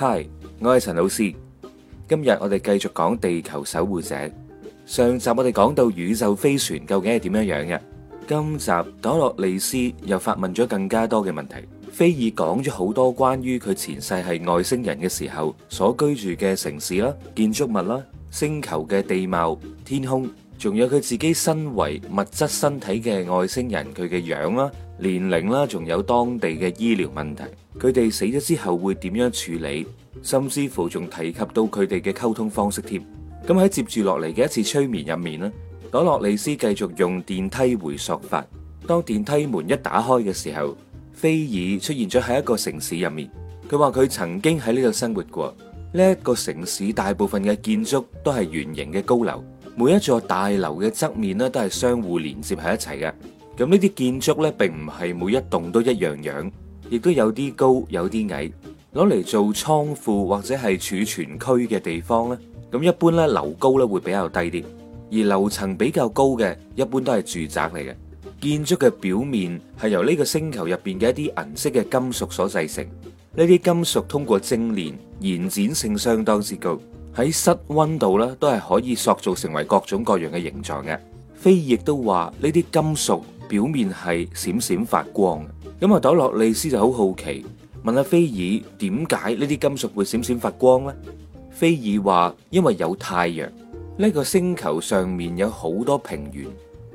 嗨，Hi, 我係陳老師。今日我哋繼續講地球守護者。上集我哋講到宇宙飛船究竟係點樣樣嘅？今集朵洛利斯又發問咗更加多嘅問題。菲爾講咗好多關於佢前世係外星人嘅時候所居住嘅城市啦、建築物啦、星球嘅地貌、天空。仲有佢自己身為物質身體嘅外星人，佢嘅樣啦、年齡啦，仲有當地嘅醫療問題，佢哋死咗之後會點樣處理，甚至乎仲提及到佢哋嘅溝通方式添。咁喺接住落嚟嘅一次催眠入面咧，朵洛利斯繼續用電梯回溯法。當電梯門一打開嘅時候，菲爾出現咗喺一個城市入面。佢話佢曾經喺呢度生活過。呢一個城市大部分嘅建築都係圓形嘅高樓。每一座大樓嘅側面咧，都係相互連接喺一齊嘅。咁呢啲建築咧，並唔係每一棟都一樣樣，亦都有啲高，有啲矮。攞嚟做倉庫或者係儲存區嘅地方咧，咁一般咧樓高咧會比較低啲，而樓層比較高嘅，一般都係住宅嚟嘅。建築嘅表面係由呢個星球入邊嘅一啲銀色嘅金屬所製成，呢啲金屬通過精煉，延展性相當之高。喺室溫度咧，都係可以塑造成為各種各樣嘅形狀嘅。菲爾亦都話呢啲金屬表面係閃閃發光嘅。咁啊，朵洛莉絲就好好奇，問阿菲爾點解呢啲金屬會閃閃發光呢？菲爾話：因為有太陽，呢個星球上面有好多平原，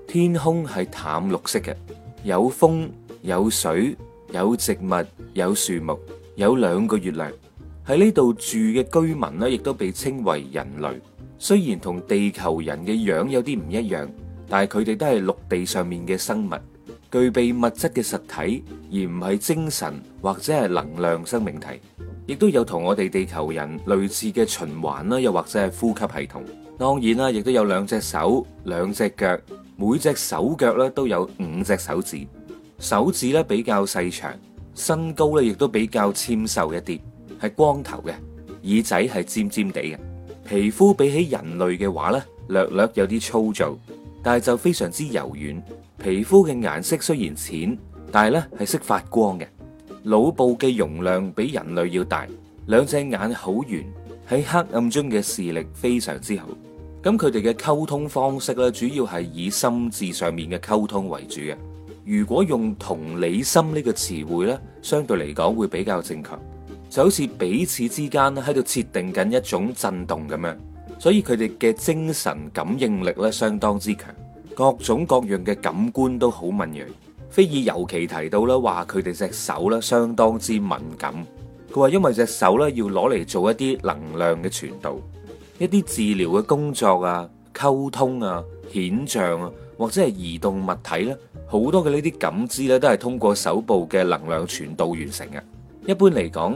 天空係淡綠色嘅，有風，有水，有植物，有樹木，有兩個月亮。喺呢度住嘅居民呢，亦都被稱為人類。雖然同地球人嘅樣有啲唔一樣，但係佢哋都係陸地上面嘅生物，具備物質嘅實體，而唔係精神或者係能量生命體。亦都有同我哋地球人類似嘅循環啦，又或者係呼吸系統。當然啦，亦都有兩隻手、兩隻腳，每隻手腳咧都有五隻手指，手指咧比較細長，身高咧亦都比較纖瘦一啲。係光頭嘅，耳仔係尖尖地嘅，皮膚比起人類嘅話呢，略略有啲粗糙，但係就非常之柔軟。皮膚嘅顏色雖然淺，但係呢係識發光嘅。腦部嘅容量比人類要大，兩隻眼好圓，喺黑暗中嘅視力非常之好。咁佢哋嘅溝通方式呢，主要係以心智上面嘅溝通為主嘅。如果用同理心呢個詞彙呢，相對嚟講會比較正確。就好似彼此之間咧喺度設定緊一種震動咁樣，所以佢哋嘅精神感應力咧相當之強，各種各樣嘅感官都好敏鋭。菲爾尤其提到咧話，佢哋隻手咧相當之敏感。佢話因為隻手咧要攞嚟做一啲能量嘅傳導，一啲治療嘅工作啊、溝通啊、顯像啊，或者係移動物體咧，好多嘅呢啲感知咧都係通過手部嘅能量傳導完成嘅。一般嚟講，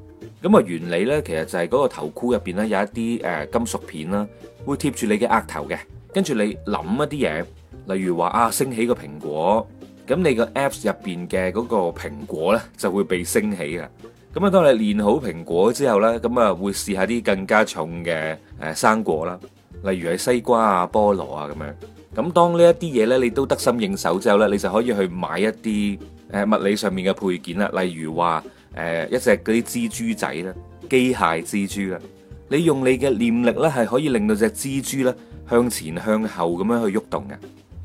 咁啊，原理咧，其實就係嗰個頭箍入邊咧有一啲誒、呃、金屬片啦，會貼住你嘅額頭嘅，跟住你諗一啲嘢，例如話啊，升起個蘋果，咁你 app 面個 Apps 入邊嘅嗰個蘋果咧就會被升起㗎。咁啊，當你練好蘋果之後咧，咁啊會試下啲更加重嘅誒、呃、生果啦，例如係西瓜啊、菠蘿啊咁樣。咁當呢一啲嘢咧，你都得心應手之後咧，你就可以去買一啲誒、呃、物理上面嘅配件啦，例如話。誒、呃，一隻嗰啲蜘蛛仔啦，機械蜘蛛啦，你用你嘅念力咧，係可以令到隻蜘蛛咧向前向後咁樣去喐動嘅。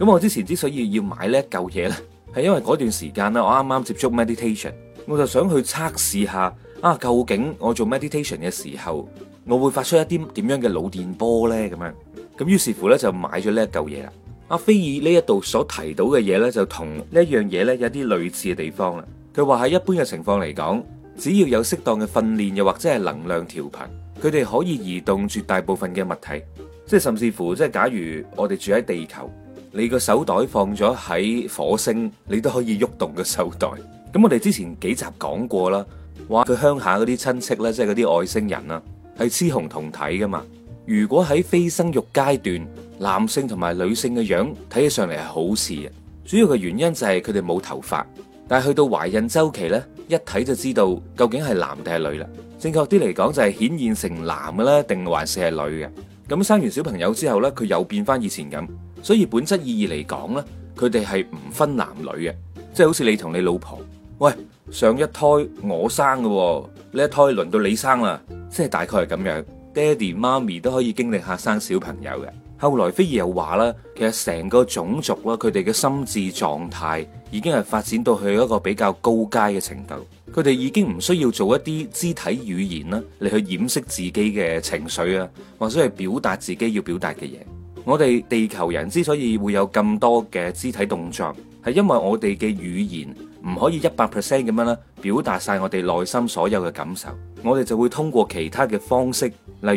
咁我之前之所以要買呢一嚿嘢咧，係因為嗰段時間咧，我啱啱接觸 meditation，我就想去測試下啊，究竟我做 meditation 嘅時候，我會發出一啲點樣嘅腦電波咧？咁樣咁於是乎咧，就買咗呢一嚿嘢啦。阿菲爾呢一度所提到嘅嘢咧，就同呢一樣嘢咧有啲類似嘅地方啦。佢話喺一般嘅情況嚟講，只要有適當嘅訓練，又或者係能量調頻，佢哋可以移動絕大部分嘅物體，即係甚至乎，即係假如我哋住喺地球，你個手袋放咗喺火星，你都可以喐動個手袋。咁我哋之前幾集講過啦，話佢鄉下嗰啲親戚咧，即係嗰啲外星人啊，係雌雄同體㗎嘛。如果喺非生育階段，男性同埋女性嘅樣睇起上嚟係好似嘅。主要嘅原因就係佢哋冇頭髮。但係去到懷孕周期咧，一睇就知道究竟係男定係女啦。正確啲嚟講就係顯現成男嘅咧，定還是係女嘅。咁生完小朋友之後咧，佢又變翻以前咁。所以本質意義嚟講咧，佢哋係唔分男女嘅，即係好似你同你老婆，喂，上一胎我生嘅，呢一胎輪到你生啦，即係大概係咁樣。爹哋媽咪都可以經歷下生小朋友嘅。後來，菲爾又話啦，其實成個種族啦，佢哋嘅心智狀態已經係發展到去一個比較高階嘅程度，佢哋已經唔需要做一啲肢體語言啦，嚟去掩飾自己嘅情緒啊，或者係表達自己要表達嘅嘢。我哋地球人之所以會有咁多嘅肢體動作，係因為我哋嘅語言唔可以一百 percent 咁樣啦，表達晒我哋內心所有嘅感受，我哋就會通過其他嘅方式，例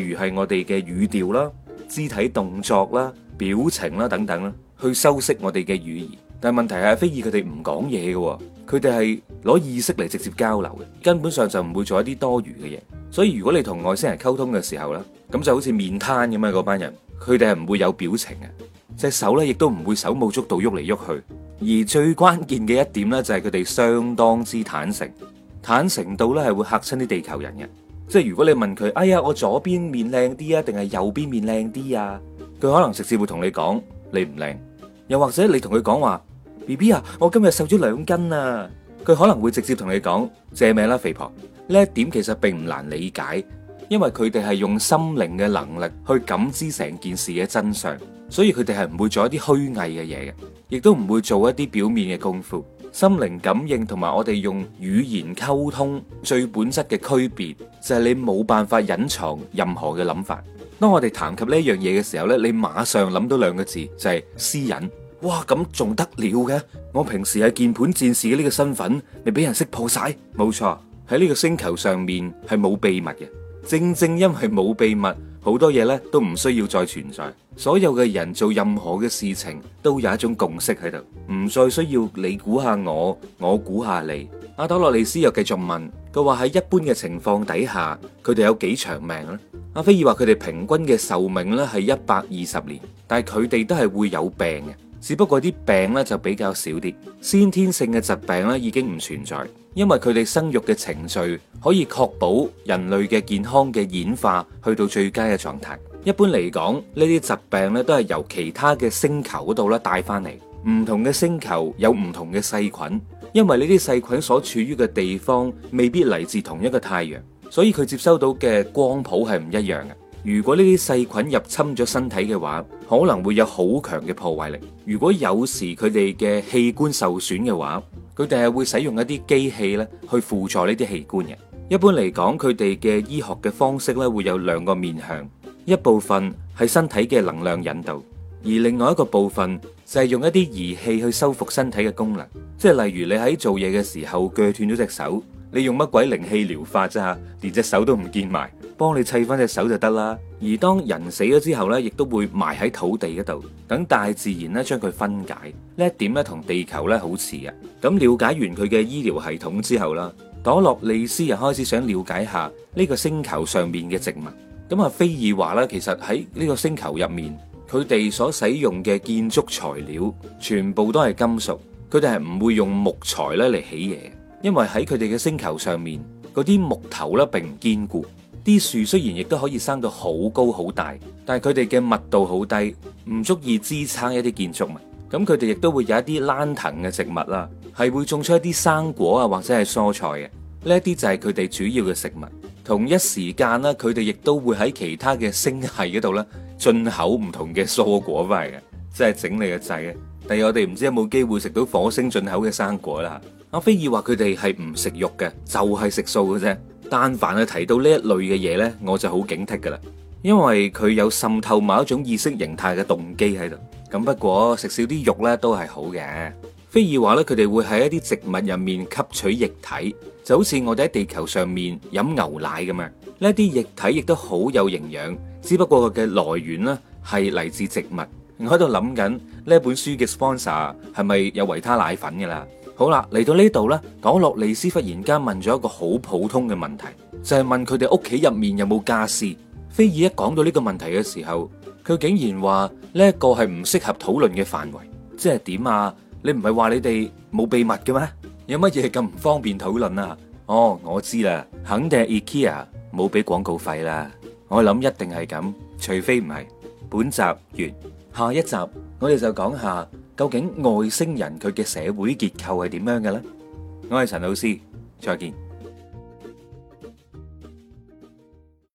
如係我哋嘅語調啦。肢體動作啦、表情啦等等啦，去修飾我哋嘅語言。但係問題係，菲爾佢哋唔講嘢嘅，佢哋係攞意識嚟直接交流嘅，根本上就唔會做一啲多餘嘅嘢。所以如果你同外星人溝通嘅時候咧，咁就好似面癱咁樣，嗰班人佢哋係唔會有表情嘅，隻手咧亦都唔會手舞足蹈喐嚟喐去。而最關鍵嘅一點咧，就係佢哋相當之坦誠，坦誠度咧係會吓親啲地球人嘅。即係如果你問佢，哎呀，我左邊面靚啲啊，定係右邊面靚啲啊？佢可能直接會同你講你唔靚。又或者你同佢講話 BB 啊，我今日瘦咗兩斤啊，佢可能會直接同你講借命啦，肥婆。呢一點其實並唔難理解，因為佢哋係用心靈嘅能力去感知成件事嘅真相，所以佢哋係唔會做一啲虛偽嘅嘢嘅，亦都唔會做一啲表面嘅功夫。心靈感應同埋我哋用語言溝通最本質嘅區別，就係你冇辦法隱藏任何嘅諗法。當我哋談及呢樣嘢嘅時候呢，你馬上諗到兩個字就係私隱。哇，咁仲得了嘅？我平時係鍵盤戰士嘅呢個身份，你俾人識破晒？冇錯，喺呢個星球上面係冇秘密嘅，正正因為冇秘密，好多嘢咧都唔需要再存在，所有嘅人做任何嘅事情都有一種共識喺度，唔再需要你估下我，我估下你。阿多洛利斯又繼續問，佢話喺一般嘅情況底下，佢哋有幾長命呢？阿菲爾話佢哋平均嘅壽命咧係一百二十年，但係佢哋都係會有病嘅。只不過啲病咧就比較少啲，先天性嘅疾病咧已經唔存在，因為佢哋生育嘅程序可以確保人類嘅健康嘅演化去到最佳嘅狀態。一般嚟講，呢啲疾病咧都係由其他嘅星球度咧帶翻嚟，唔同嘅星球有唔同嘅細菌，因為呢啲細菌所處於嘅地方未必嚟自同一個太陽，所以佢接收到嘅光譜係唔一樣嘅。如果呢啲細菌入侵咗身體嘅話，可能會有好強嘅破壞力。如果有時佢哋嘅器官受損嘅話，佢哋係會使用一啲機器咧去輔助呢啲器官嘅。一般嚟講，佢哋嘅醫學嘅方式咧會有兩個面向，一部分係身體嘅能量引導，而另外一個部分就係用一啲儀器去修復身體嘅功能。即係例如你喺做嘢嘅時候鋸斷咗隻手。你用乜鬼靈氣療法咋？連隻手都唔見埋，幫你砌翻隻手就得啦。而當人死咗之後呢，亦都會埋喺土地嗰度，等大自然咧將佢分解。呢一點呢，同地球呢好似啊。咁了解完佢嘅醫療系統之後啦，朵洛利斯又開始想了解下呢個星球上面嘅植物。咁啊，菲爾話啦，其實喺呢個星球入面，佢哋所使用嘅建築材料全部都係金屬，佢哋係唔會用木材呢嚟起嘢。因為喺佢哋嘅星球上面，嗰啲木頭咧並唔堅固，啲樹雖然亦都可以生到好高好大，但係佢哋嘅密度好低，唔足以支撐一啲建築物。咁佢哋亦都會有一啲爛藤嘅植物啦，係會種出一啲生果啊或者係蔬菜嘅，呢一啲就係佢哋主要嘅食物。同一時間啦，佢哋亦都會喺其他嘅星系嗰度咧進口唔同嘅蔬果喂，嚟嘅，即係整理個掣。但係我哋唔知有冇機會食到火星進口嘅生果啦。阿菲爾話佢哋係唔食肉嘅，就係食素嘅啫。但凡係提到呢一類嘅嘢呢，我就好警惕噶啦，因為佢有滲透某一種意識形態嘅動機喺度。咁不過食少啲肉呢都係好嘅。菲爾話呢，佢哋會喺一啲植物入面吸取液體，就好似我哋喺地球上面飲牛奶咁樣。呢啲液體亦都好有營養，只不過佢嘅來源呢係嚟自植物。我喺度諗緊呢本書嘅 sponsor 係咪有維他奶粉噶啦？好啦，嚟到呢度咧，講落利斯忽然間問咗一個好普通嘅問題，就係問佢哋屋企入面有冇家私。菲爾一講到呢個問題嘅時候，佢竟然話呢一個係唔適合討論嘅範圍，即係點啊？你唔係話你哋冇秘密嘅咩？有乜嘢咁唔方便討論啊？哦，我知啦，肯定係 IKEA 冇俾廣告費啦。我諗一定係咁，除非唔係。本集完，下一集我哋就講下。究竟外星人佢嘅社會結構係點樣嘅咧？我係陳老師，再見。